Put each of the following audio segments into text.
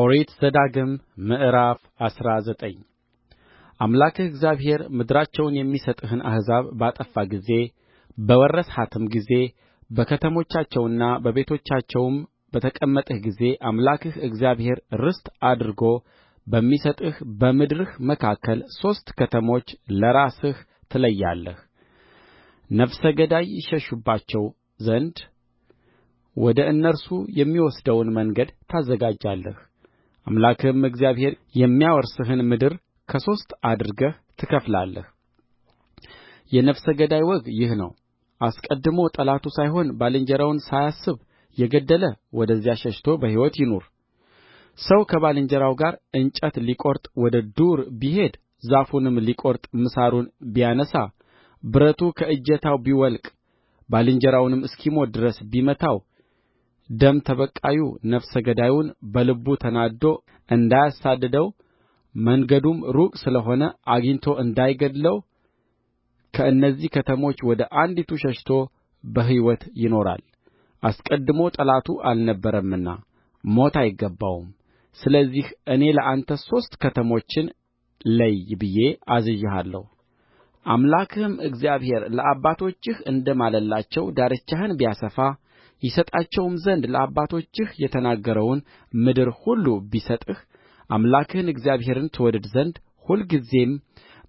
ኦሪት ዘዳግም ምዕራፍ አስራ ዘጠኝ አምላክህ እግዚአብሔር ምድራቸውን የሚሰጥህን አሕዛብ ባጠፋ ጊዜ በወረስሃትም ጊዜ በከተሞቻቸውና በቤቶቻቸውም በተቀመጥህ ጊዜ አምላክህ እግዚአብሔር ርስት አድርጎ በሚሰጥህ በምድርህ መካከል ሦስት ከተሞች ለራስህ ትለያለህ ነፍሰ ገዳይ ይሸሹባቸው ዘንድ ወደ እነርሱ የሚወስደውን መንገድ ታዘጋጃለህ አምላክህም እግዚአብሔር የሚያወርስህን ምድር ከሦስት አድርገህ ትከፍላለህ የነፍሰ ገዳይ ወግ ይህ ነው አስቀድሞ ጠላቱ ሳይሆን ባልንጀራውን ሳያስብ የገደለ ወደዚያ ሸሽቶ በሕይወት ይኑር ሰው ከባልንጀራው ጋር እንጨት ሊቈርጥ ወደ ዱር ቢሄድ ዛፉንም ሊቈርጥ ምሳሩን ቢያነሣ ብረቱ ከእጀታው ቢወልቅ ባልንጀራውንም እስኪሞት ድረስ ቢመታው ደም ተበቃዩ ነፍሰ ገዳዩን በልቡ ተናድዶ እንዳያሳድደው መንገዱም ሩቅ ስለ ሆነ አግኝቶ እንዳይገድለው ከእነዚህ ከተሞች ወደ አንዲቱ ሸሽቶ በሕይወት ይኖራል አስቀድሞ ጠላቱ አልነበረምና ሞት አይገባውም ስለዚህ እኔ ለአንተ ሦስት ከተሞችን ለይ ብዬ አዝዤሃለሁ አምላክህም እግዚአብሔር ለአባቶችህ እንደ ማለላቸው ዳርቻህን ቢያሰፋ ይሰጣቸውም ዘንድ ለአባቶችህ የተናገረውን ምድር ሁሉ ቢሰጥህ አምላክህን እግዚአብሔርን ትወድድ ዘንድ ሁልጊዜም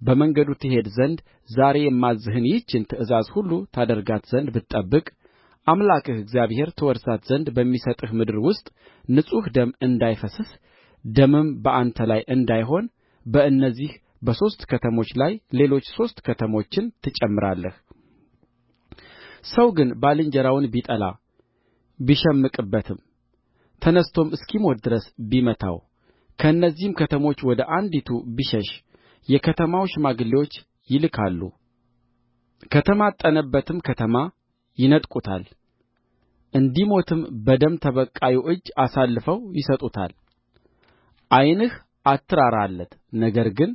በመንገዱ ትሄድ ዘንድ ዛሬ የማዝዝህን ይህችን ትእዛዝ ሁሉ ታደርጋት ዘንድ ብትጠብቅ አምላክህ እግዚአብሔር ትወርሳት ዘንድ በሚሰጥህ ምድር ውስጥ ንጹሕ ደም እንዳይፈስስ ደምም በአንተ ላይ እንዳይሆን በእነዚህ በሦስት ከተሞች ላይ ሌሎች ሦስት ከተሞችን ትጨምራለህ ሰው ግን ባልንጀራውን ቢጠላ ቢሸምቅበትም ተነሥቶም እስኪሞት ድረስ ቢመታው ከእነዚህም ከተሞች ወደ አንዲቱ ቢሸሽ የከተማው ሽማግሌዎች ይልካሉ ከተማጠነበትም ከተማ ይነጥቁታል እንዲሞትም በደም ተበቃዩ እጅ አሳልፈው ይሰጡታል ዓይንህ አትራራለት ነገር ግን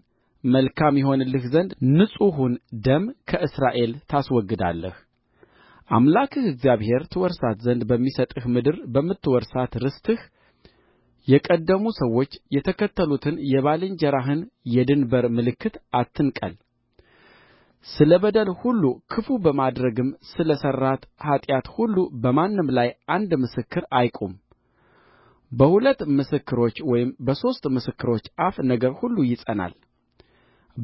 መልካም ይሆንልህ ዘንድ ንጹሑን ደም ከእስራኤል ታስወግዳለህ አምላክህ እግዚአብሔር ትወርሳት ዘንድ በሚሰጥህ ምድር በምትወርሳት ርስትህ የቀደሙ ሰዎች የተከተሉትን የባልንጀራህን የድንበር ምልክት አትንቀል ስለ በደል ሁሉ ክፉ በማድረግም ስለ ሠራት ኃጢአት ሁሉ በማንም ላይ አንድ ምስክር አይቁም በሁለት ምስክሮች ወይም በሦስት ምስክሮች አፍ ነገር ሁሉ ይጸናል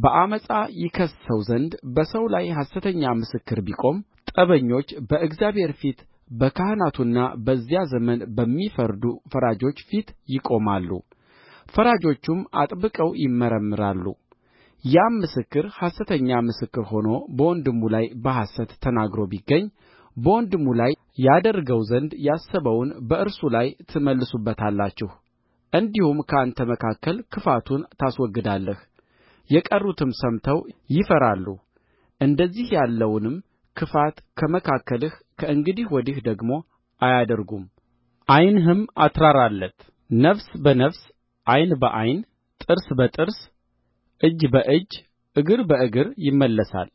በዓመፃ ይከስሰው ዘንድ በሰው ላይ ሐሰተኛ ምስክር ቢቆም ጠበኞች በእግዚአብሔር ፊት በካህናቱና በዚያ ዘመን በሚፈርዱ ፈራጆች ፊት ይቆማሉ ፈራጆቹም አጥብቀው ይመረምራሉ ያም ምስክር ሐሰተኛ ምስክር ሆኖ በወንድሙ ላይ በሐሰት ተናግሮ ቢገኝ በወንድሙ ላይ ያደርገው ዘንድ ያሰበውን በእርሱ ላይ ትመልሱበታላችሁ እንዲሁም ከአንተ መካከል ክፋቱን ታስወግዳለህ የቀሩትም ሰምተው ይፈራሉ እንደዚህ ያለውንም ክፋት ከመካከልህ ከእንግዲህ ወዲህ ደግሞ አያደርጉም ዓይንህም አትራራለት ነፍስ በነፍስ ዓይን በዓይን ጥርስ በጥርስ እጅ በእጅ እግር በእግር ይመለሳል